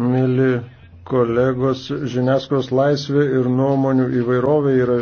Mili kolegos, žiniasklaidos laisvė ir nuomonių įvairovė yra